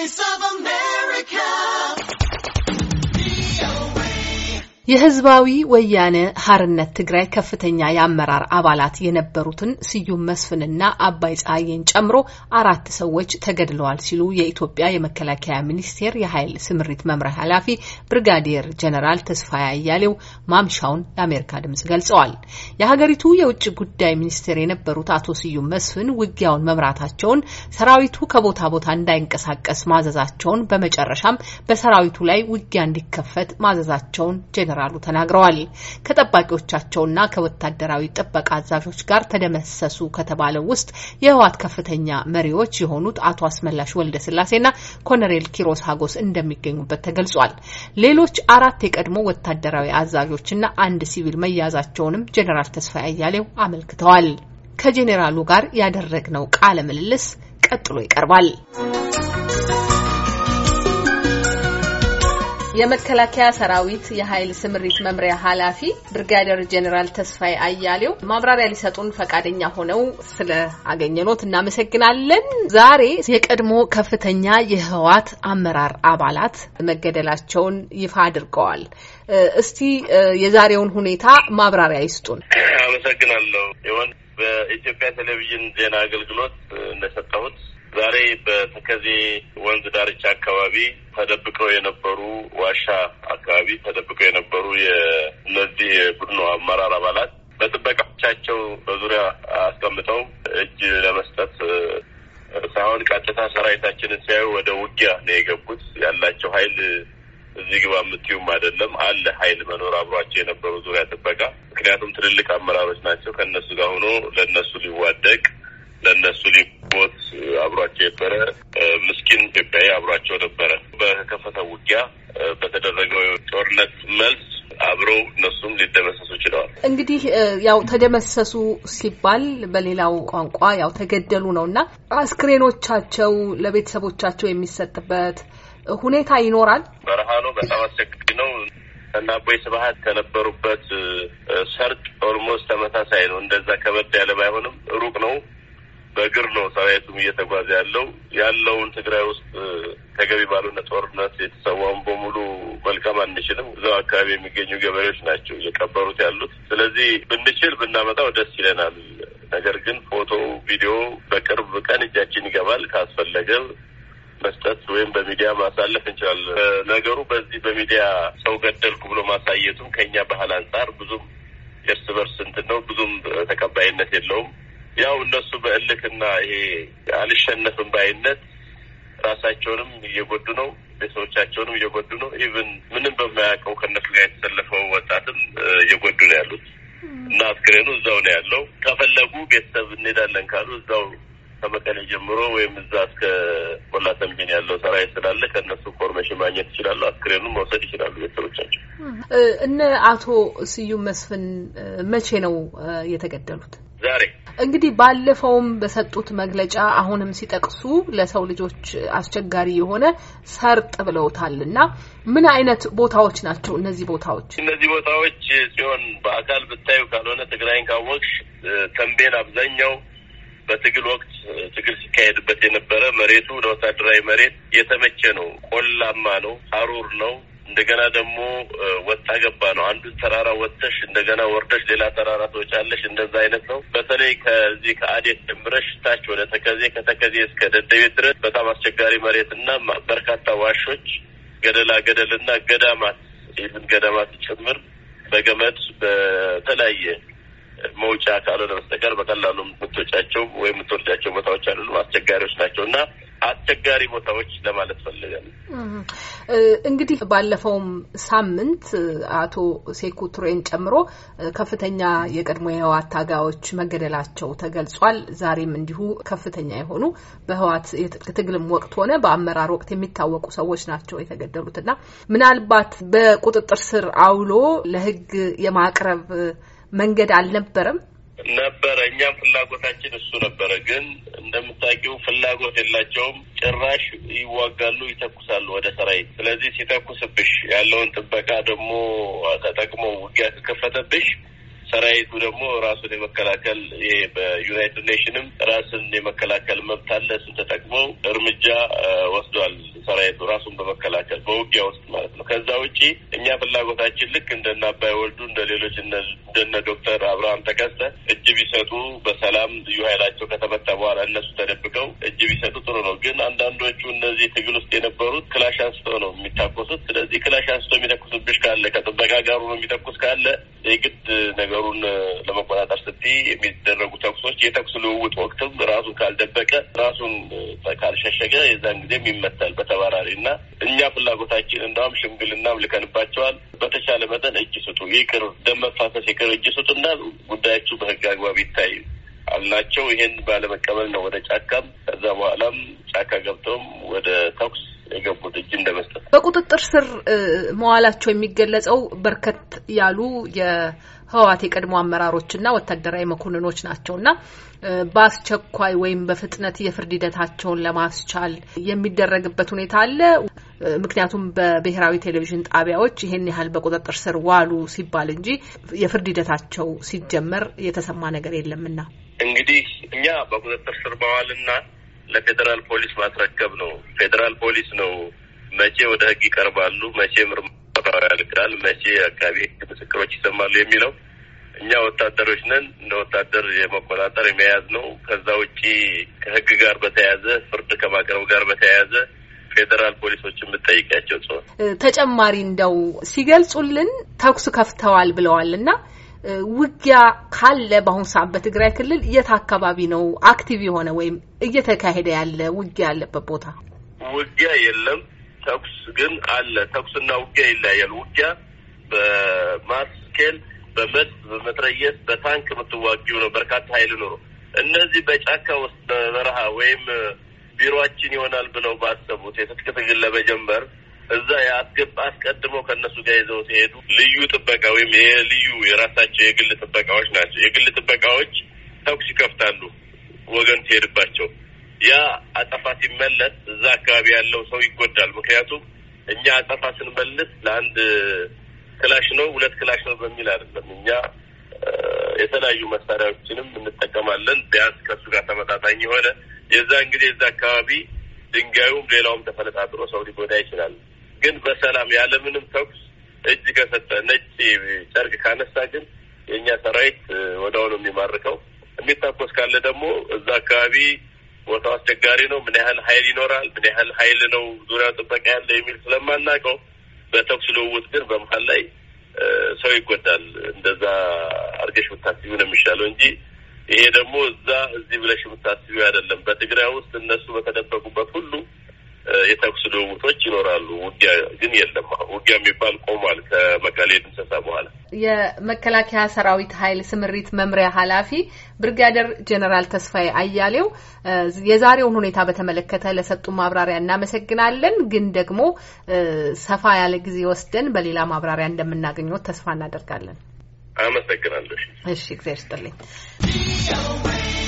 Voice of America. የህዝባዊ ወያነ ሀርነት ትግራይ ከፍተኛ የአመራር አባላት የነበሩትን ስዩም መስፍንና አባይ ፀሐይን ጨምሮ አራት ሰዎች ተገድለዋል ሲሉ የኢትዮጵያ የመከላከያ ሚኒስቴር የኃይል ስምሪት መምሪያ ኃላፊ ብርጋዴር ጀነራል ተስፋዬ አያሌው ማምሻውን ለአሜሪካ ድምጽ ገልጸዋል። የሀገሪቱ የውጭ ጉዳይ ሚኒስቴር የነበሩት አቶ ስዩም መስፍን ውጊያውን መምራታቸውን፣ ሰራዊቱ ከቦታ ቦታ እንዳይንቀሳቀስ ማዘዛቸውን፣ በመጨረሻም በሰራዊቱ ላይ ውጊያ እንዲከፈት ማዘዛቸውን ጀነራል እንደተራራሉ ተናግረዋል። ከጠባቂዎቻቸውና ከወታደራዊ ጥበቃ አዛዦች ጋር ተደመሰሱ ከተባለው ውስጥ የህወሓት ከፍተኛ መሪዎች የሆኑት አቶ አስመላሽ ወልደ ስላሴና ኮሎኔል ኪሮስ ሀጎስ እንደሚገኙበት ተገልጿል። ሌሎች አራት የቀድሞ ወታደራዊ አዛዦችና አንድ ሲቪል መያዛቸውንም ጄኔራል ተስፋ አያሌው አመልክተዋል። ከጄኔራሉ ጋር ያደረግነው ቃለ ምልልስ ቀጥሎ ይቀርባል። የመከላከያ ሰራዊት የኃይል ስምሪት መምሪያ ኃላፊ ብርጋዴር ጀኔራል ተስፋዬ አያሌው ማብራሪያ ሊሰጡን ፈቃደኛ ሆነው ስለ አገኘኖት እናመሰግናለን። ዛሬ የቀድሞ ከፍተኛ የህወሓት አመራር አባላት መገደላቸውን ይፋ አድርገዋል። እስቲ የዛሬውን ሁኔታ ማብራሪያ ይስጡን። አመሰግናለሁ። ይሆን በኢትዮጵያ ቴሌቪዥን ዜና አገልግሎት እንደሰጠሁት ዛሬ በተከዜ ወንዝ ዳርቻ አካባቢ ተደብቀው የነበሩ ዋሻ አካባቢ ተደብቀው የነበሩ የእነዚህ የቡድኑ አመራር አባላት በጥበቃቻቸው በዙሪያ አስቀምጠው እጅ ለመስጠት ሳይሆን ቀጥታ ሰራዊታችንን ሲያዩ ወደ ውጊያ ነው የገቡት። ያላቸው ኃይል እዚህ ግባ የምትዩም አይደለም አለ ኃይል መኖር አብሯቸው የነበሩ ዙሪያ ጥበቃ ምክንያቱም ትልልቅ አመራሮች ናቸው። ከእነሱ ጋር ሆኖ ለእነሱ ሊዋደቅ ለእነሱ ሊሞት አብሯቸው የነበረ ምስኪን ኢትዮጵያዊ አብሯቸው ነበረ። በከፈተ ውጊያ በተደረገው ጦርነት መልስ አብረው እነሱም ሊደመሰሱ ችለዋል። እንግዲህ ያው ተደመሰሱ ሲባል በሌላው ቋንቋ ያው ተገደሉ ነው እና አስክሬኖቻቸው ለቤተሰቦቻቸው የሚሰጥበት ሁኔታ ይኖራል። በረሃ ነው። በጣም አስቸጋሪ ነው እና አቦይ ስብሀት ከነበሩበት ሰርጥ ኦልሞስት ተመሳሳይ ነው እንደዛ በእግር ነው ሰራዊቱም እየተጓዘ ያለው ያለውን ትግራይ ውስጥ ተገቢ ባልሆነ ጦርነት የተሰዋውን በሙሉ መልቀም አንችልም። እዛው አካባቢ የሚገኙ ገበሬዎች ናቸው እየቀበሩት ያሉት። ስለዚህ ብንችል ብናመጣው ደስ ይለናል። ነገር ግን ፎቶ፣ ቪዲዮ በቅርብ ቀን እጃችን ይገባል። ካስፈለገ መስጠት ወይም በሚዲያ ማሳለፍ እንችላለን። ነገሩ በዚህ በሚዲያ ሰው ገደልኩ ብሎ ማሳየቱም ከኛ ባህል አንጻር ብዙም የእርስ በርስ እንትን ነው ብዙም ተቀባይነት የለውም። ያው እነሱ በእልክና ይሄ አልሸነፍም ባይነት ራሳቸውንም እየጎዱ ነው፣ ቤተሰቦቻቸውንም እየጎዱ ነው። ኢቭን ምንም በማያውቀው ከነሱ ጋር የተሰለፈው ወጣትም እየጎዱ ነው ያሉት እና አስክሬኑ እዛው ነው ያለው። ከፈለጉ ቤተሰብ እንሄዳለን ካሉ እዛው ከመቀሌ ጀምሮ ወይም እዛ እስከ ቆላ ተንቢን ያለው ሰራዊት ስላለ ከእነሱ ኢንፎርሜሽን ማግኘት ይችላሉ። አስክሬኑን መውሰድ ይችላሉ ቤተሰቦቻቸው። እነ አቶ ስዩም መስፍን መቼ ነው የተገደሉት? ዛሬ እንግዲህ ባለፈውም በሰጡት መግለጫ አሁንም ሲጠቅሱ ለሰው ልጆች አስቸጋሪ የሆነ ሰርጥ ብለውታል እና ምን አይነት ቦታዎች ናቸው እነዚህ ቦታዎች? እነዚህ ቦታዎች ሲሆን በአካል ብታዩ ካልሆነ ትግራይን ካወቅሽ ተንቤን አብዛኛው በትግል ወቅት ትግል ሲካሄድበት የነበረ መሬቱ ለወታደራዊ መሬት የተመቸ ነው። ቆላማ ነው፣ ሀሩር ነው፣ እንደገና ደግሞ ወጣ ገባ ነው። አንዱን ተራራ ወጥተሽ እንደገና ወርደሽ ሌላ ተራራ ትወጫለሽ። እንደዛ አይነት ነው። በተለይ ከዚህ ከአዴት ጀምረሽ ታች ወደ ተከዜ፣ ከተከዜ እስከ ደደቤት ድረስ በጣም አስቸጋሪ መሬት እና በርካታ ዋሾች፣ ገደላ ገደልና ገዳማት ይህን ገዳማት ጭምር በገመድ በተለያየ መውጫ ካልሆነ በስተቀር በቀላሉ የምትወጫቸው ወይም የምትወርዳቸው ቦታዎች አይደሉም። አስቸጋሪዎች ናቸው እና አስቸጋሪ ቦታዎች ለማለት ፈልጋል። እንግዲህ ባለፈውም ሳምንት አቶ ሴኩ ቱሬን ጨምሮ ከፍተኛ የቀድሞ የህወሓት ታጋዮች መገደላቸው ተገልጿል። ዛሬም እንዲሁ ከፍተኛ የሆኑ በህወሓት ትግልም ወቅት ሆነ በአመራር ወቅት የሚታወቁ ሰዎች ናቸው የተገደሉትና ምናልባት በቁጥጥር ስር አውሎ ለህግ የማቅረብ መንገድ አልነበረም። ነበረ። እኛም ፍላጎታችን እሱ ነበረ። ግን እንደምታውቂው ፍላጎት የላቸውም። ጭራሽ ይዋጋሉ፣ ይተኩሳሉ ወደ ሰራዊት። ስለዚህ ሲተኩስብሽ ያለውን ጥበቃ ደግሞ ተጠቅሞ ውጊያ ከከፈተብሽ ሰራዊቱ ደግሞ ራሱን የመከላከል ይሄ በዩናይትድ ኔሽንም ራስን የመከላከል መብት አለ። እሱን ተጠቅመው እርምጃ ወስዷል። ሰራዊቱ ራሱን በመከላከል በውጊያ ውስጥ ማለት ነው። ከዛ ውጪ እኛ ፍላጎታችን ልክ እንደነ አባይ ወልዱ እንደ ሌሎች እንደነ ዶክተር አብርሃም ተከሰ እጅ ቢሰጡ በሰላም ልዩ ኃይላቸው ከተመታ በኋላ እነሱ ተደብቀው እጅ ቢሰጡ ጥሩ ነው። ግን አንዳንዶቹ እነዚህ ትግል ውስጥ የነበሩት ክላሽ አንስቶ ነው የሚታኮሱት። ስለዚህ ክላሽ አንስቶ የሚተኩስብሽ ካለ ከጥበቃ ጋሩ ነው የሚተኩስ ካለ የግድ ነገሩን ለመቆጣጠር ስቲ የሚደረጉ ተኩሶች የተኩስ ልውውጥ ወቅትም ራሱን ካልደበቀ ራሱን ካልሸሸገ የዛን ጊዜም ይመታል በተባራሪ እና እኛ ፍላጎታችን እንደውም ሽምግልናም ልከንባቸዋል። በተቻለ መጠን እጅ ስጡ፣ ይቅር፣ ደም መፋሰስ ይቅር፣ እጅ ስጡና ጉዳያችሁ በህግ አግባብ ይታይ አልናቸው። ይሄን ባለመቀበል ነው ወደ ጫካም ከዛ በኋላም ጫካ ገብተውም ወደ ተኩስ የገቡት እጅ እንደመስጠት በቁጥጥር ስር መዋላቸው የሚገለጸው በርከት ያሉ የህወሓት የቀድሞ አመራሮችና ወታደራዊ መኮንኖች ናቸውና በአስቸኳይ ወይም በፍጥነት የፍርድ ሂደታቸውን ለማስቻል የሚደረግበት ሁኔታ አለ። ምክንያቱም በብሔራዊ ቴሌቪዥን ጣቢያዎች ይሄን ያህል በቁጥጥር ስር ዋሉ ሲባል እንጂ የፍርድ ሂደታቸው ሲጀመር የተሰማ ነገር የለምና እንግዲህ እኛ በቁጥጥር ስር መዋልና ለፌዴራል ፖሊስ ማስረከብ ነው። ፌዴራል ፖሊስ ነው መቼ ወደ ህግ ይቀርባሉ፣ መቼ ምርመራ ያልቃል፣ መቼ አካባቢ ህግ ምስክሮች ይሰማሉ የሚለው እኛ ወታደሮች ነን። እንደ ወታደር የመቆጣጠር የመያዝ ነው። ከዛ ውጪ ከህግ ጋር በተያያዘ ፍርድ ከማቅረብ ጋር በተያያዘ ፌዴራል ፖሊሶች የምጠይቃቸው ጽሆን ተጨማሪ እንደው ሲገልጹልን ተኩስ ከፍተዋል ብለዋል እና ውጊያ ካለ በአሁኑ ሰዓት በትግራይ ክልል የት አካባቢ ነው አክቲቭ የሆነ ወይም እየተካሄደ ያለ ውጊያ ያለበት ቦታ? ውጊያ የለም። ተኩስ ግን አለ። ተኩስና ውጊያ ይለያያል። ውጊያ በማስኬል በመድ በመት በታንክ የምትዋጊው ነው። በርካታ ኃይል ኖሮ እነዚህ በጫካ ውስጥ በበረሃ ወይም ቢሮችን ይሆናል ብለው ባሰቡት የትጥቅ ትግል ለመጀመር እዛ የአስገባ አስቀድሞ ከእነሱ ጋር ይዘው ሲሄዱ ልዩ ጥበቃ ወይም ይሄ ልዩ የራሳቸው የግል ጥበቃዎች ናቸው። የግል ጥበቃዎች ተኩስ ይከፍታሉ ወገን ሲሄድባቸው። ያ አጸፋ ሲመለስ እዛ አካባቢ ያለው ሰው ይጎዳል። ምክንያቱም እኛ አጸፋ ስንመልስ ለአንድ ክላሽ ነው ሁለት ክላሽ ነው በሚል አይደለም እኛ የተለያዩ መሳሪያዎችንም እንጠቀማለን። ቢያንስ ከሱ ጋር ተመጣጣኝ የሆነ የዛን ጊዜ የዛ አካባቢ ድንጋዩም ሌላውም ተፈለጣጥሮ ሰው ሊጎዳ ይችላል። ግን በሰላም ያለምንም ተኩስ እጅ ከሰጠ ነጭ ጨርቅ ካነሳ ግን የእኛ ሰራዊት ወዲያውኑ የሚማርከው የሚታኮስ ካለ ደግሞ እዛ አካባቢ ቦታው አስቸጋሪ ነው። ምን ያህል ኃይል ይኖራል፣ ምን ያህል ኃይል ነው ዙሪያው ጥበቃ ያለ የሚል ስለማናውቀው በተኩስ ልውውጥ ግን በመሀል ላይ ሰው ይጎዳል። እንደዛ አርገሽ ብታስቢው ነው የሚሻለው እንጂ ይሄ ደግሞ እዛ እዚህ ብለሽ ብታስቢው አይደለም። በትግራይ ውስጥ እነሱ በተደበቁበት ሁሉ የተኩስ ልውውጦች ይኖራሉ። ውጊያ ግን የለም። ውጊያ የሚባል ቆሟል። ከመቀሌ ድምሰሳ በኋላ የመከላከያ ሰራዊት ኃይል ስምሪት መምሪያ ኃላፊ ብርጋደር ጀኔራል ተስፋዬ አያሌው የዛሬውን ሁኔታ በተመለከተ ለሰጡ ማብራሪያ እናመሰግናለን። ግን ደግሞ ሰፋ ያለ ጊዜ ወስደን በሌላ ማብራሪያ እንደምናገኘው ተስፋ እናደርጋለን። አመሰግናለሁ። እሺ፣ እግዚአብሔር ይስጥልኝ።